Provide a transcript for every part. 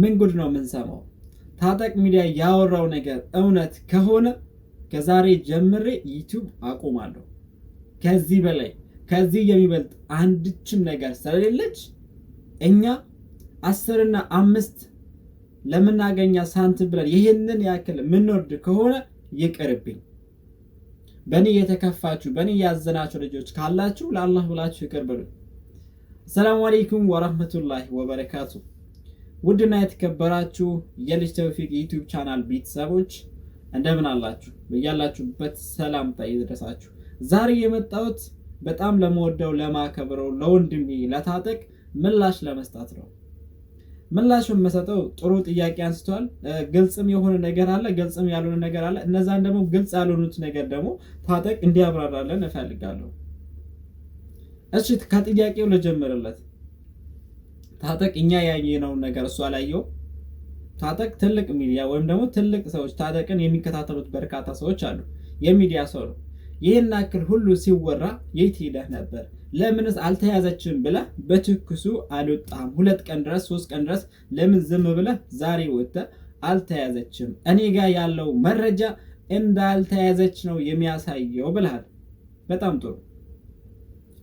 ምን ጉድ ነው የምንሰማው? ታጠቅ ሚዲያ ያወራው ነገር እውነት ከሆነ ከዛሬ ጀምሬ ዩቲዩብ አቆማለሁ። ከዚህ በላይ ከዚህ የሚበልጥ አንድችም ነገር ስለሌለች እኛ አስርና አምስት ለምናገኛ ሳንቲም ብለን ይህንን ያክል የምንወርድ ከሆነ ይቅርብኝ። በእኔ የተከፋችሁ በእኔ ያዘናችሁ ልጆች ካላችሁ ለአላህ ብላችሁ ይቅር በሉ። አሰላሙ አለይኩም ወረህመቱላሂ ወበረካቱ። ውድና የተከበራችሁ የልጅ ተውፊቅ ዩቲዩብ ቻናል ቤተሰቦች እንደምን አላችሁ? በያላችሁበት ሰላምታ ይድረሳችሁ። ዛሬ የመጣሁት በጣም ለመወደው ለማከብረው ለወንድሜ ለታጠቅ ምላሽ ለመስጠት ነው። ምላሽ የምሰጠው ጥሩ ጥያቄ አንስቷል። ግልጽም የሆነ ነገር አለ፣ ግልጽም ያልሆነ ነገር አለ። እነዛን ደግሞ ግልጽ ያልሆኑት ነገር ደግሞ ታጠቅ እንዲያብራራለን እፈልጋለሁ። እሺ ከጥያቄው ልጀምርለት። ታጠቅ እኛ ያየነውን ነገር እሷ አላየው። ታጠቅ ትልቅ ሚዲያ ወይም ደግሞ ትልቅ ሰዎች ታጠቅን የሚከታተሉት በርካታ ሰዎች አሉ። የሚዲያ ሰው ነው። ይህን አክል ሁሉ ሲወራ የት ሄደህ ነበር? ለምንስ አልተያዘችም ብለህ በትኩሱ አልወጣም ሁለት ቀን ድረስ ሶስት ቀን ድረስ ለምን ዝም ብለህ ዛሬ ወጥተህ አልተያዘችም? እኔ ጋር ያለው መረጃ እንዳልተያዘች ነው የሚያሳየው ብለሃል። በጣም ጥሩ።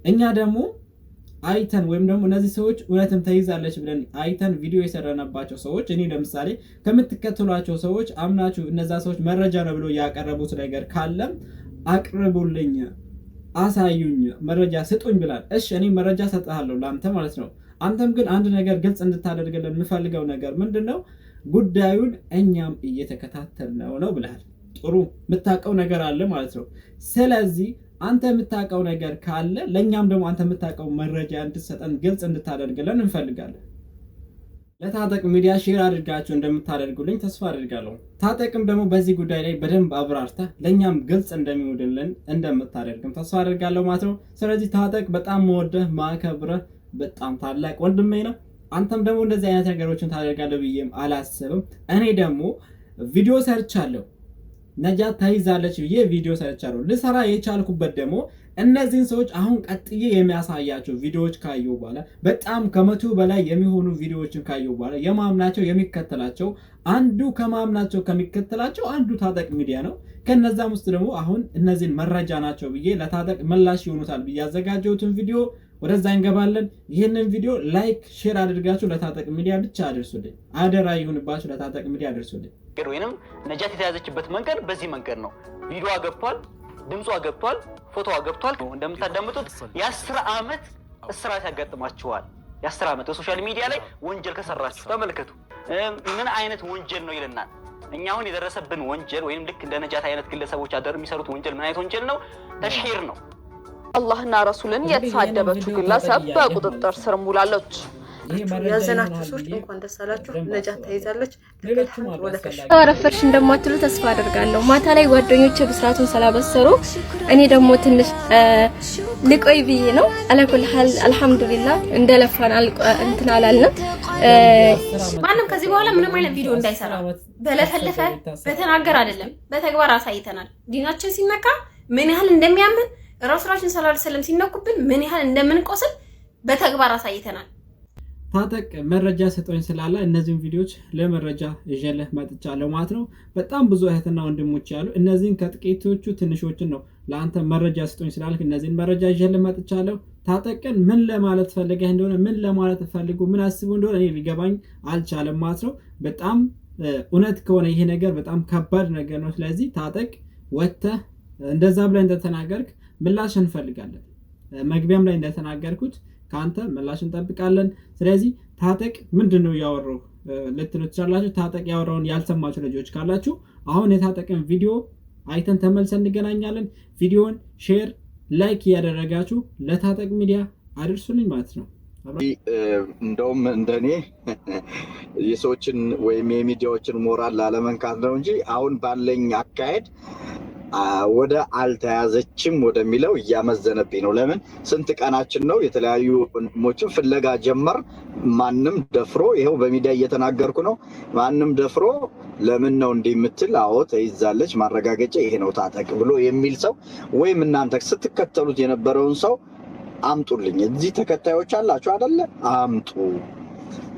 እኛ ደግሞ አይተን ወይም ደግሞ እነዚህ ሰዎች እውነትም ተይዛለች ብለን አይተን ቪዲዮ የሰረነባቸው ሰዎች እኔ ለምሳሌ ከምትከተሏቸው ሰዎች አምናችሁ እነዛ ሰዎች መረጃ ነው ብሎ ያቀረቡት ነገር ካለም አቅርቡልኝ፣ አሳዩኝ፣ መረጃ ስጡኝ ብላል። እሺ እኔ መረጃ ሰጥሃለሁ ለአንተ ማለት ነው። አንተም ግን አንድ ነገር ግልጽ እንድታደርግልን የምፈልገው ነገር ምንድን ነው? ጉዳዩን እኛም እየተከታተልነው ነው ብልሃል። ጥሩ የምታውቀው ነገር አለ ማለት ነው። ስለዚህ አንተ የምታውቀው ነገር ካለ ለእኛም ደግሞ አንተ የምታውቀው መረጃ እንድትሰጠን ግልጽ እንድታደርግልን እንፈልጋለን። ለታጠቅ ሚዲያ ሼር አድርጋችሁ እንደምታደርጉልኝ ተስፋ አድርጋለሁ። ታጠቅም ደግሞ በዚህ ጉዳይ ላይ በደንብ አብራርተህ ለእኛም ግልጽ እንደሚውድልን እንደምታደርግም ተስፋ አድርጋለሁ ማለት ነው። ስለዚህ ታጠቅ በጣም መወደህ ማከብረህ በጣም ታላቅ ወንድሜ ነው። አንተም ደግሞ እንደዚህ አይነት ነገሮችን ታደርጋለህ ብዬም አላስብም። እኔ ደግሞ ቪዲዮ ሰርቻለሁ ነጃ ተይዛለች ብዬ ቪዲዮ ሰርቻለሁ። ልሰራ የቻልኩበት ደግሞ እነዚህን ሰዎች አሁን ቀጥዬ የሚያሳያቸው ቪዲዮዎች ካየሁ በኋላ በጣም ከመቶ በላይ የሚሆኑ ቪዲዮዎችን ካየሁ በኋላ የማምናቸው የሚከተላቸው አንዱ ከማምናቸው ከሚከተላቸው አንዱ ታጠቅ ሚዲያ ነው። ከነዛም ውስጥ ደግሞ አሁን እነዚህን መረጃ ናቸው ብዬ ለታጠቅ ምላሽ ይሆኑታል ብዬ ያዘጋጀሁትን ቪዲዮ ወደዛ እንገባለን። ይህንን ቪዲዮ ላይክ፣ ሼር አድርጋችሁ ለታጠቅ ሚዲያ ብቻ አደርሱልኝ። አደራ ይሁንባችሁ፣ ለታጠቅ ሚዲያ አደርሱልኝ። ወይንም ነጃት የተያዘችበት መንገድ በዚህ መንገድ ነው። ቪዲዮ ገብቷል፣ ድምጿ ገብቷል፣ ፎቶ ገብቷል። እንደምታዳምጡት የአስር ዓመት እስራት ያጋጥማችኋል። የአስር ዓመት በሶሻል ሚዲያ ላይ ወንጀል ከሰራችሁ ተመልከቱ። ምን አይነት ወንጀል ነው ይለናል። እኛ አሁን የደረሰብን ወንጀል ወይም ልክ እንደ ነጃት አይነት ግለሰቦች አደር የሚሰሩት ወንጀል ምን አይነት ወንጀል ነው? ተሽሂር ነው። አላህና ረሱልን የተሳደበችው ግለሰብ በቁጥጥር ስር ሙላለች። ያዘናችሁ ሰዎች እንኳን ደስ አላችሁ። ነጃት ተይዛለች። ረፈርሽ እንደማትሉ ተስፋ አደርጋለሁ። ማታ ላይ ጓደኞች ብስራቱን ስላበሰሩ እኔ ደግሞ ትንሽ ልቆይ ብዬ ነው። አላኩል ሀል አልሐምዱሊላ እንደለፋን እንትን አላልንም። ማንም ከዚህ በኋላ ምንም አይነት ቪዲዮ እንዳይሰራ በለፈለፈ በተናገር አይደለም በተግባር አሳይተናል። ዲናችን ሲነካ ምን ያህል እንደሚያምን ረሱላችን ሰለላሁ ዐለይሂ ሲነኩብን ምን ያህል እንደምንቆስል በተግባር አሳይተናል። ታጠቅ መረጃ ሰጠኝ ስላለ እነዚህን ቪዲዮዎች ለመረጃ ይዤልህ መጥቻለሁ ማለት ነው። በጣም ብዙ እህትና ወንድሞች ያሉ እነዚህን ከጥቂቶቹ ትንሾችን ነው ለአንተ መረጃ ስጠኝ ስላልክ እነዚህን መረጃ ይዤልህ መጥቻለሁ። ታጠቅን ምን ለማለት ፈልገህ እንደሆነ ምን ለማለት ፈልጉ ምን አስቡ እንደሆነ እኔ ሊገባኝ አልቻለም ማለት ነው። በጣም እውነት ከሆነ ይሄ ነገር በጣም ከባድ ነገር ነው። ስለዚህ ታጠቅ ወጥተህ እንደዛ ብለህ እንደተናገርክ ምላሽ እንፈልጋለን። መግቢያም ላይ እንደተናገርኩት ከአንተ ምላሽ እንጠብቃለን። ስለዚህ ታጠቅ ምንድን ነው ያወራው ልትሉ ትችላላችሁ። ታጠቅ ያወራውን ያልሰማችሁ ልጆች ካላችሁ አሁን የታጠቅን ቪዲዮ አይተን ተመልሰን እንገናኛለን። ቪዲዮን ሼር፣ ላይክ እያደረጋችሁ ለታጠቅ ሚዲያ አድርሱልኝ ማለት ነው። እንደውም እንደኔ የሰዎችን ወይም የሚዲያዎችን ሞራል ላለመንካት ነው እንጂ አሁን ባለኝ አካሄድ ወደ አልተያዘችም ወደሚለው እያመዘነብኝ ነው። ለምን ስንት ቀናችን ነው? የተለያዩ ወንድሞችን ፍለጋ ጀመር። ማንም ደፍሮ ይኸው በሚዲያ እየተናገርኩ ነው። ማንም ደፍሮ ለምን ነው እንዲህ የምትል? አዎ ተይዛለች፣ ማረጋገጫ ይሄ ነው፣ ታጠቅ ብሎ የሚል ሰው ወይም እናንተ ስትከተሉት የነበረውን ሰው አምጡልኝ። እዚህ ተከታዮች አላችሁ አደለ? አምጡ።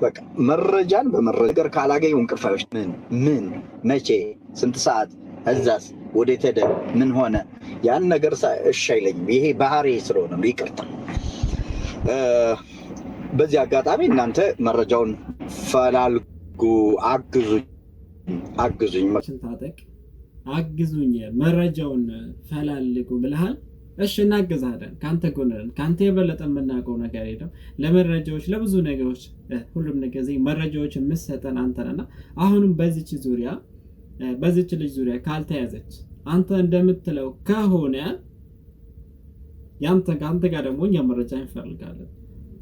በቃ መረጃን በመረጃ ነገር ካላገኙ እንቅልፋዮች ምን ምን መቼ ስንት ሰዓት እዛስ ወዴት ሄደ? ምን ሆነ? ያን ነገር እሺ አይለኝም። ይሄ ባህሪ ስለሆነ ይቅርታ። በዚህ አጋጣሚ እናንተ መረጃውን ፈላልጉ፣ አግዙኝ፣ አግዙኝ፣ ታጠቅ፣ አግዙኝ፣ መረጃውን ፈላልጉ ብልሃል። እሺ እናግዛለን፣ ከአንተ ጎን ከአንተ የበለጠ የምናውቀው ነገር የለም። ለመረጃዎች ለብዙ ነገሮች ሁሉም ነገር መረጃዎች የምሰጠን አንተና አሁንም በዚች ዙሪያ በዚች ልጅ ዙሪያ ካልተያዘች አንተ እንደምትለው ከሆነ ያንተ ከአንተ ጋር ደግሞ እኛ መረጃ እንፈልጋለን።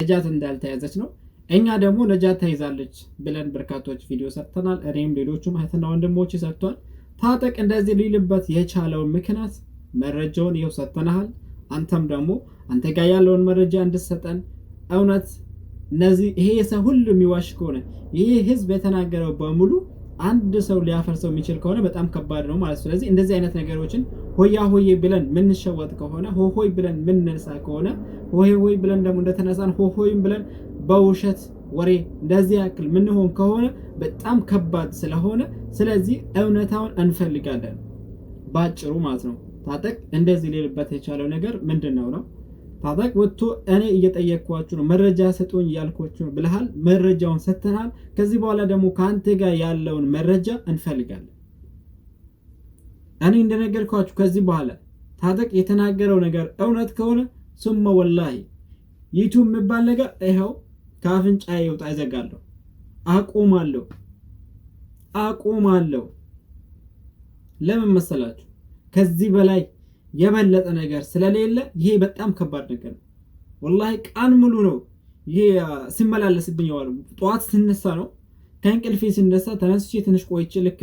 ነጃት እንዳልተያዘች ነው። እኛ ደግሞ ነጃት ተይዛለች ብለን በርካቶች ቪዲዮ ሰርተናል። እኔም ሌሎቹም እህትና ወንድሞች ሰርቷል። ታጠቅ እንደዚህ ሊልበት የቻለውን ምክንያት መረጃውን ይኸው ሰጥተናሃል። አንተም ደግሞ አንተ ጋር ያለውን መረጃ እንድሰጠን እውነት እነዚህ ይሄ ሰው ሁሉ የሚዋሽ ከሆነ ይህ ህዝብ የተናገረው በሙሉ አንድ ሰው ሊያፈርሰው የሚችል ከሆነ በጣም ከባድ ነው ማለት። ስለዚህ እንደዚህ አይነት ነገሮችን ሆያ ሆዬ ብለን ምንሸወጥ ከሆነ ሆሆይ ብለን ምንነሳ ከሆነ ሆሄ ሆይ ብለን ደግሞ እንደተነሳን ሆሆይም ብለን በውሸት ወሬ እንደዚህ ያክል ምንሆን ከሆነ በጣም ከባድ ስለሆነ ስለዚህ እውነታውን እንፈልጋለን። ባጭሩ ማለት ነው ታጠቅ እንደዚህ ሌልበት የቻለው ነገር ምንድን ነው ነው ታጠቅ ወጥቶ እኔ እየጠየቅኳችሁ ነው መረጃ ስጡኝ እያልኳችሁ ነው ብለሃል። መረጃውን ሰጥተናል። ከዚህ በኋላ ደግሞ ከአንተ ጋር ያለውን መረጃ እንፈልጋለን። እኔ እንደነገርኳችሁ ከዚህ በኋላ ታጠቅ የተናገረው ነገር እውነት ከሆነ ሱመ ወላሂ ዩቱብ የሚባል ነገር ይኸው ከአፍንጫ ይውጣ፣ ይዘጋለሁ፣ አቆማለሁ፣ አቆማለሁ። ለምን መሰላችሁ ከዚህ በላይ የበለጠ ነገር ስለሌለ ይሄ በጣም ከባድ ነገር ነው። ወላሂ ቀን ሙሉ ነው ይሄ ሲመላለስብኝ የዋሉ። ጠዋት ስነሳ ነው ከእንቅልፌ ስነሳ ተነስቼ ትንሽ ቆይቼ ልክ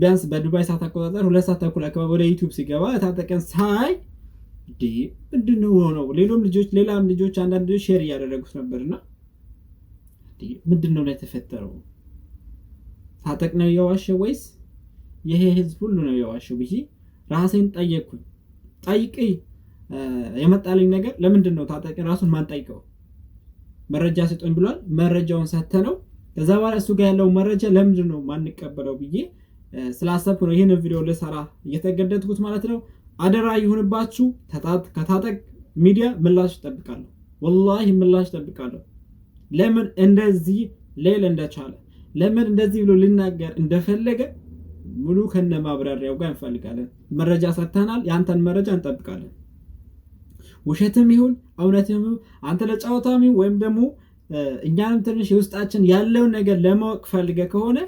ቢያንስ በዱባይ ሰዓት አቆጣጠር ሁለት ሰዓት ተኩል አካባቢ ወደ ዩቲዩብ ሲገባ ታጠቀን ሳይ ምንድን ነው ሆነው ሌሎም ልጆች ሌላም ልጆች አንዳንድ ልጆች ሼር እያደረጉት ነበርና ምንድን ነው የተፈጠረው? ታጠቅ ነው የዋሸው ወይስ ይሄ ህዝብ ሁሉ ነው የዋሸው ብዬ ራሴን ጠየቅኩኝ። ጠይቄ የመጣልኝ ነገር ለምንድን ነው ታጣቂን ራሱን ማንጠይቀው? መረጃ ስጡኝ ብሏል። መረጃውን ሰተነው ከዛ በኋላ እሱ ጋር ያለው መረጃ ለምንድን ነው ማንቀበለው ብዬ ስላሰብኩ ነው ይህን ቪዲዮ ልሰራ እየተገደድኩት ማለት ነው። አደራ ይሁንባችሁ። ከታጠቅ ሚዲያ ምላሽ ጠብቃለሁ፣ ወላሂ ምላሽ እጠብቃለሁ። ለምን እንደዚህ ሌል እንደቻለ ለምን እንደዚህ ብሎ ልናገር እንደፈለገ ሙሉ ከነ ማብራሪያው ጋር እንፈልጋለን። መረጃ ሰጥተናል፣ የአንተን መረጃ እንጠብቃለን። ውሸትም ይሁን እውነትም አንተ ለጨዋታም ወይም ደግሞ እኛንም ትንሽ የውስጣችን ያለውን ነገር ለማወቅ ፈልገ ከሆነ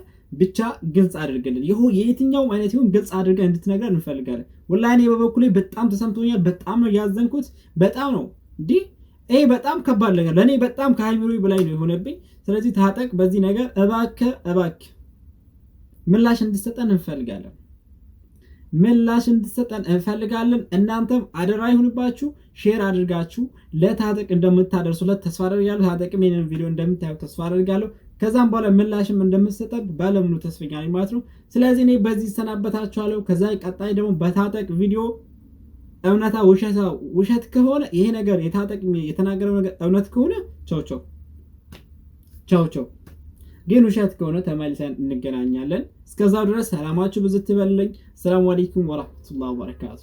ብቻ ግልጽ አድርግልን። ይሁ የየትኛውም አይነት ይሁን ግልጽ አድርገ እንድትነግረን እንፈልጋለን። ወላሂ እኔ በበኩሌ በጣም ተሰምቶኛል። በጣም ነው ያዘንኩት። በጣም ነው እንዲህ ይሄ በጣም ከባድ ነገር ለእኔ በጣም ከሃይሚሮ በላይ ነው የሆነብኝ። ስለዚህ ታጠቅ በዚህ ነገር እባክህ እባክህ ምላሽ እንድሰጠን እንፈልጋለን። ምላሽ እንድሰጠን እንፈልጋለን። እናንተም አደራ ይሁንባችሁ፣ ሼር አድርጋችሁ ለታጠቅ እንደምታደርሱለት ተስፋ አደርጋለሁ። ታጠቅም ይህንን ቪዲዮ እንደምታዩ ተስፋ አደርጋለሁ። ከዛም በኋላ ምላሽም እንደምትሰጠን ባለሙሉ ተስፈኛ ማለት ነው። ስለዚህ እኔ በዚህ ይሰናበታችኋለሁ። ከዛ ቀጣይ ደግሞ በታጠቅ ቪዲዮ እውነታ ውሸት ከሆነ ይሄ ነገር የታጠቅ የተናገረው ነገር እውነት ከሆነ ቸው ቸው ቸው ቸው ግን ውሸት ከሆነ ተመልሰን እንገናኛለን። እስከዛው ድረስ ሰላማችሁ ብዙ ሰላም አለይኩም ወራህመቱላሂ ወበረካቱ።